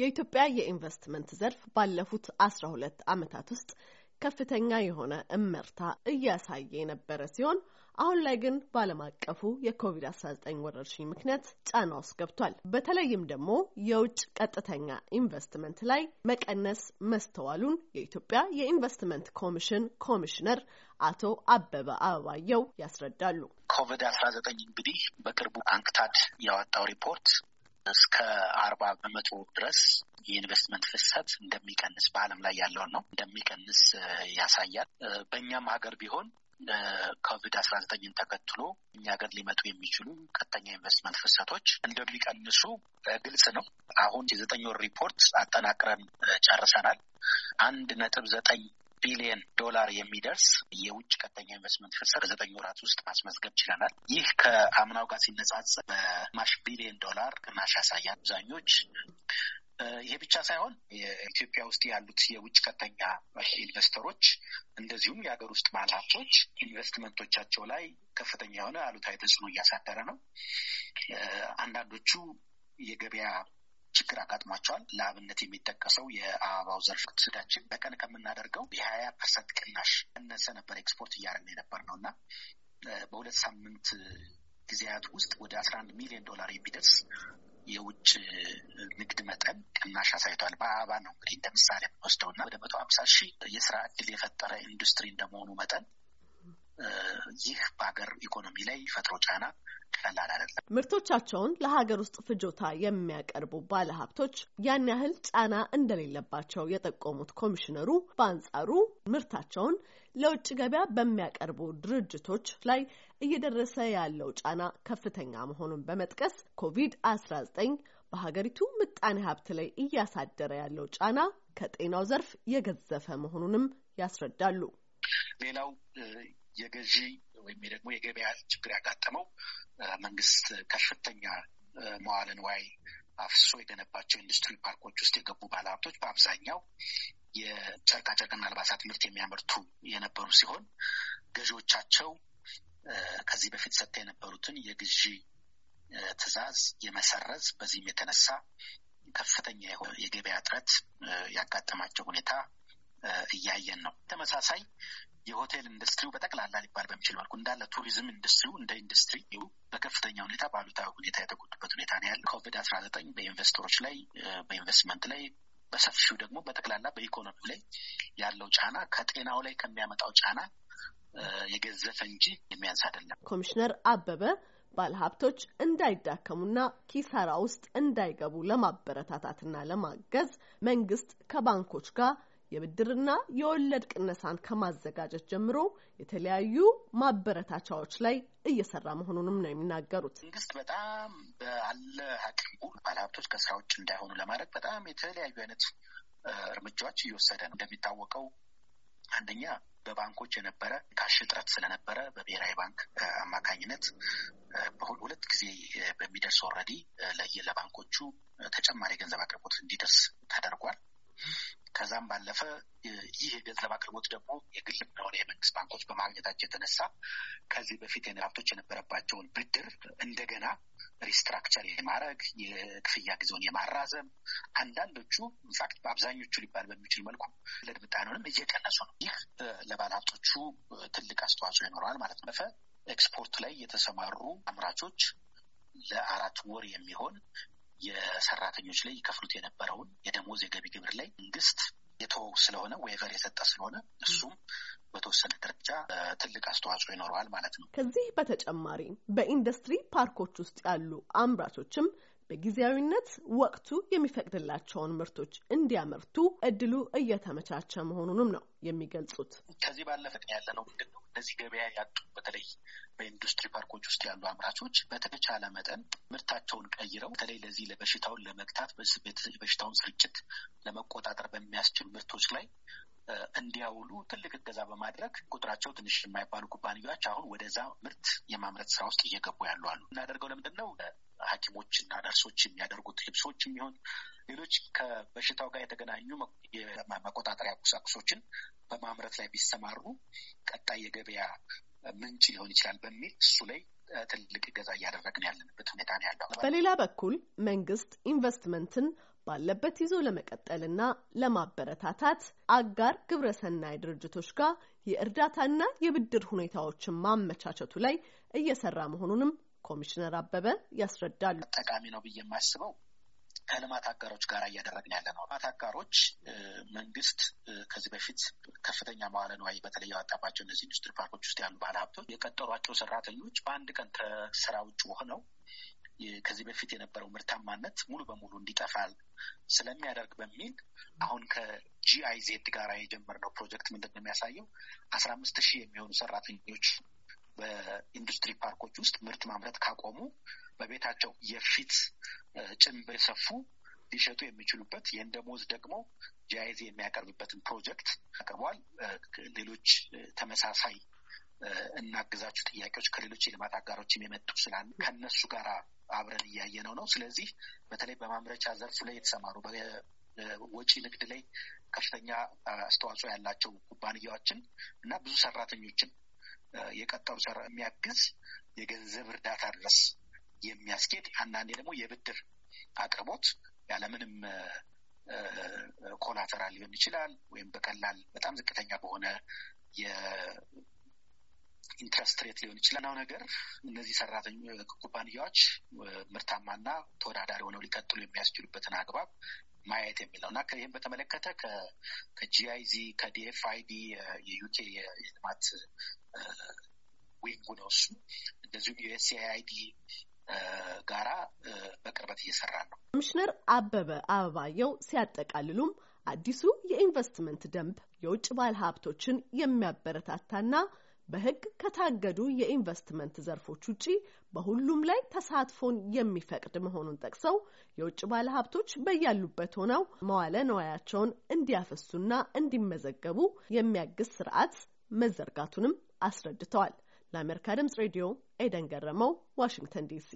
የኢትዮጵያ የኢንቨስትመንት ዘርፍ ባለፉት አስራ ሁለት ዓመታት ውስጥ ከፍተኛ የሆነ እመርታ እያሳየ የነበረ ሲሆን አሁን ላይ ግን በዓለም አቀፉ የኮቪድ-19 ወረርሽኝ ምክንያት ጫና ውስጥ ገብቷል። በተለይም ደግሞ የውጭ ቀጥተኛ ኢንቨስትመንት ላይ መቀነስ መስተዋሉን የኢትዮጵያ የኢንቨስትመንት ኮሚሽን ኮሚሽነር አቶ አበበ አበባየው ያስረዳሉ። ኮቪድ-19 እንግዲህ በቅርቡ አንክታድ ያወጣው ሪፖርት እስከ አርባ በመቶ ድረስ የኢንቨስትመንት ፍሰት እንደሚቀንስ በዓለም ላይ ያለውን ነው እንደሚቀንስ ያሳያል። በእኛም ሀገር ቢሆን ኮቪድ አስራ ዘጠኝን ተከትሎ እኛ ሀገር ሊመጡ የሚችሉ ቀጥተኛ ኢንቨስትመንት ፍሰቶች እንደሚቀንሱ ግልጽ ነው። አሁን የዘጠኝ ወር ሪፖርት አጠናቅረን ጨርሰናል። አንድ ነጥብ ዘጠኝ ቢሊየን ዶላር የሚደርስ የውጭ ቀጥተኛ ኢንቨስትመንት ፍሰት ከዘጠኝ ወራት ውስጥ ማስመዝገብ ችለናል። ይህ ከአምናው ጋር ሲነጻጸ በማሽ ቢሊየን ዶላር ቅናሽ ያሳያል። አብዛኞች ይሄ ብቻ ሳይሆን የኢትዮጵያ ውስጥ ያሉት የውጭ ቀጥተኛ ኢንቨስተሮች እንደዚሁም የሀገር ውስጥ ባለ ሀብቶች ኢንቨስትመንቶቻቸው ላይ ከፍተኛ የሆነ አሉታዊ ተጽዕኖ እያሳደረ ነው። አንዳንዶቹ የገበያ ችግር አጋጥሟቸዋል። ለአብነት የሚጠቀሰው የአበባው ዘርፍ ስዳችን በቀን ከምናደርገው የሀያ ፐርሰንት ቅናሽ እነሰ ነበር ኤክስፖርት እያደረግን የነበር ነው እና በሁለት ሳምንት ጊዜያት ውስጥ ወደ አስራ አንድ ሚሊዮን ዶላር የሚደርስ የውጭ ንግድ መጠን ቅናሽ አሳይቷል። በአበባ ነው እንግዲህ እንደ ምሳሌ ወስደውና ወደ መቶ ሀምሳ ሺህ የስራ እድል የፈጠረ ኢንዱስትሪ እንደመሆኑ መጠን ይህ በሀገር ኢኮኖሚ ላይ ፈጥሮ ጫና ቀላል አይደለም። ምርቶቻቸውን ለሀገር ውስጥ ፍጆታ የሚያቀርቡ ባለሀብቶች ያን ያህል ጫና እንደሌለባቸው የጠቆሙት ኮሚሽነሩ በአንጻሩ ምርታቸውን ለውጭ ገበያ በሚያቀርቡ ድርጅቶች ላይ እየደረሰ ያለው ጫና ከፍተኛ መሆኑን በመጥቀስ ኮቪድ አስራ ዘጠኝ በሀገሪቱ ምጣኔ ሀብት ላይ እያሳደረ ያለው ጫና ከጤናው ዘርፍ የገዘፈ መሆኑንም ያስረዳሉ። ሌላው የገዢ ወይም ደግሞ የገበያ ችግር ያጋጠመው መንግስት ከፍተኛ መዋለ ንዋይ አፍሶ የገነባቸው ኢንዱስትሪ ፓርኮች ውስጥ የገቡ ባለሀብቶች በአብዛኛው የጨርቃጨርቅና አልባሳት ምርት የሚያመርቱ የነበሩ ሲሆን ገዢዎቻቸው ከዚህ በፊት ሰጥተ የነበሩትን የግዢ ትዕዛዝ የመሰረዝ በዚህም የተነሳ ከፍተኛ የሆነ የገበያ እጥረት ያጋጠማቸው ሁኔታ እያየን ነው። ተመሳሳይ የሆቴል ኢንዱስትሪው በጠቅላላ ሊባል በሚችል መልኩ እንዳለ ቱሪዝም ኢንዱስትሪው እንደ ኢንዱስትሪ በከፍተኛ ሁኔታ በአሉታዊ ሁኔታ የተጎዱበት ሁኔታ ነው ያለ ኮቪድ አስራ ዘጠኝ በኢንቨስተሮች ላይ በኢንቨስትመንት ላይ በሰፊው ደግሞ በጠቅላላ በኢኮኖሚው ላይ ያለው ጫና ከጤናው ላይ ከሚያመጣው ጫና የገዘፈ እንጂ የሚያንስ አይደለም። ኮሚሽነር አበበ ባለሀብቶች እንዳይዳከሙና ኪሳራ ውስጥ እንዳይገቡ ለማበረታታትና ለማገዝ መንግስት ከባንኮች ጋር የብድርና የወለድ ቅነሳን ከማዘጋጀት ጀምሮ የተለያዩ ማበረታቻዎች ላይ እየሰራ መሆኑንም ነው የሚናገሩት። መንግስት በጣም በአለ አቅሙ ባለሀብቶች ከስራ ውጭ እንዳይሆኑ ለማድረግ በጣም የተለያዩ አይነት እርምጃዎች እየወሰደ ነው። እንደሚታወቀው አንደኛ በባንኮች የነበረ ካሽ እጥረት ስለነበረ በብሔራዊ ባንክ አማካኝነት ሁለት ጊዜ በሚደርስ ኦልሬዲ ለባንኮቹ ተጨማሪ የገንዘብ አቅርቦት እንዲደርስ ተደርጓል። ከዛም ባለፈ ይህ የገንዘብ አቅርቦት ደግሞ የግል ሆነ የመንግስት ባንኮች በማግኘታቸው የተነሳ ከዚህ በፊት ሀብቶች የነበረባቸውን ብድር እንደገና ሪስትራክቸር የማድረግ የክፍያ ጊዜውን የማራዘም አንዳንዶቹ ኢንፋክት በአብዛኞቹ ሊባል በሚችል መልኩ ወለድ እየቀነሱ ነው። ይህ ለባለ ሀብቶቹ ትልቅ አስተዋጽኦ ይኖረዋል ማለት ነው። ኤክስፖርት ላይ የተሰማሩ አምራቾች ለአራት ወር የሚሆን የሰራተኞች ላይ ይከፍሉት የነበረውን የደሞዝ የገቢ ግብር ላይ መንግስት የተወው ስለሆነ ዌቨር የሰጠ ስለሆነ እሱም በተወሰነ ደረጃ ትልቅ አስተዋጽኦ ይኖረዋል ማለት ነው። ከዚህ በተጨማሪ በኢንዱስትሪ ፓርኮች ውስጥ ያሉ አምራቾችም በጊዜያዊነት ወቅቱ የሚፈቅድላቸውን ምርቶች እንዲያመርቱ እድሉ እየተመቻቸ መሆኑንም ነው የሚገልጹት። ከዚህ ባለፈ ያለ ነው ምንድን ነው እነዚህ ገበያ ያጡ በተለይ በኢንዱስትሪ ፓርኮች ውስጥ ያሉ አምራቾች በተቻለ መጠን ምርታቸውን ቀይረው በተለይ ለዚህ በሽታውን ለመግታት በሽታውን ስርጭት ለመቆጣጠር በሚያስችሉ ምርቶች ላይ እንዲያውሉ ትልቅ እገዛ በማድረግ ቁጥራቸው ትንሽ የማይባሉ ኩባንያዎች አሁን ወደዛ ምርት የማምረት ስራ ውስጥ እየገቡ ያሉ አሉ። እናደርገው ለምንድን ነው ሐኪሞች እና ነርሶች የሚያደርጉት ልብሶች የሚሆን ሌሎች ከበሽታው ጋር የተገናኙ መቆጣጠሪያ ቁሳቁሶችን በማምረት ላይ ቢሰማሩ ቀጣይ የገበያ ምንጭ ሊሆን ይችላል በሚል እሱ ላይ ትልቅ እገዛ እያደረግን ያለንበት ሁኔታ ነው ያለው። በሌላ በኩል መንግስት ኢንቨስትመንትን ባለበት ይዞ ለመቀጠልና ለማበረታታት አጋር ግብረሰናይ ድርጅቶች ጋር የእርዳታና የብድር ሁኔታዎችን ማመቻቸቱ ላይ እየሰራ መሆኑንም ኮሚሽነር አበበ ያስረዳሉ። ጠቃሚ ነው ብዬ የማስበው ከልማት አጋሮች ጋር እያደረግን ያለ ነው። ልማት አጋሮች መንግስት ከዚህ በፊት ከፍተኛ መዋለ ንዋይ በተለይ ያወጣባቸው እነዚህ ኢንዱስትሪ ፓርኮች ውስጥ ያሉ ባለሀብቶች የቀጠሯቸው ሰራተኞች በአንድ ቀን ከስራ ውጭ ሆነው ከዚህ በፊት የነበረው ምርታማነት ሙሉ በሙሉ እንዲጠፋል ስለሚያደርግ በሚል አሁን ከጂአይዜድ ጋር የጀመርነው ፕሮጀክት ምንድን ነው የሚያሳየው አስራ አምስት ሺህ የሚሆኑ ሰራተኞች በኢንዱስትሪ ፓርኮች ውስጥ ምርት ማምረት ካቆሙ በቤታቸው የፊት ጭንብል የሰፉ ሊሸጡ የሚችሉበት ይህን ደሞዝ ደግሞ ጃይዝ የሚያቀርብበትን ፕሮጀክት አቅርቧል። ሌሎች ተመሳሳይ እናግዛችሁ ጥያቄዎች ከሌሎች የልማት አጋሮችም የመጡ ስላለ ከነሱ ጋር አብረን እያየ ነው። ስለዚህ በተለይ በማምረቻ ዘርፍ ላይ የተሰማሩ ወጪ ንግድ ላይ ከፍተኛ አስተዋጽኦ ያላቸው ኩባንያዎችን እና ብዙ ሰራተኞችን የቀጣውን ሰራ የሚያግዝ የገንዘብ እርዳታ ድረስ የሚያስኬድ አንዳንዴ ደግሞ የብድር አቅርቦት ያለምንም ኮላተራል ሊሆን ይችላል ወይም በቀላል በጣም ዝቅተኛ በሆነ የኢንትረስት ሬት ሊሆን ይችላል። ናው ነገር እነዚህ ሰራተኞች ኩባንያዎች ምርታማና ተወዳዳሪ ሆነው ሊቀጥሉ የሚያስችሉበትን አግባብ ማየት የሚል ነው እና ይህም በተመለከተ ከጂአይዚ ከዲኤፍአይዲ የዩኬ የልማት ወይም ሆነ እሱ። እንደዚሁም ዩኤስኤአይዲ ጋራ በቅርበት እየሰራ ነው። ኮሚሽነር አበበ አበባየው ሲያጠቃልሉም አዲሱ የኢንቨስትመንት ደንብ የውጭ ባለ ሀብቶችን የሚያበረታታና በሕግ ከታገዱ የኢንቨስትመንት ዘርፎች ውጪ በሁሉም ላይ ተሳትፎን የሚፈቅድ መሆኑን ጠቅሰው የውጭ ባለሀብቶች በያሉበት ሆነው መዋለ ነዋያቸውን እንዲያፈሱና እንዲመዘገቡ የሚያግዝ ስርዓት መዘርጋቱንም አስረድተዋል። ለአሜሪካ ድምጽ ሬዲዮ ኤደን ገረመው፣ ዋሽንግተን ዲሲ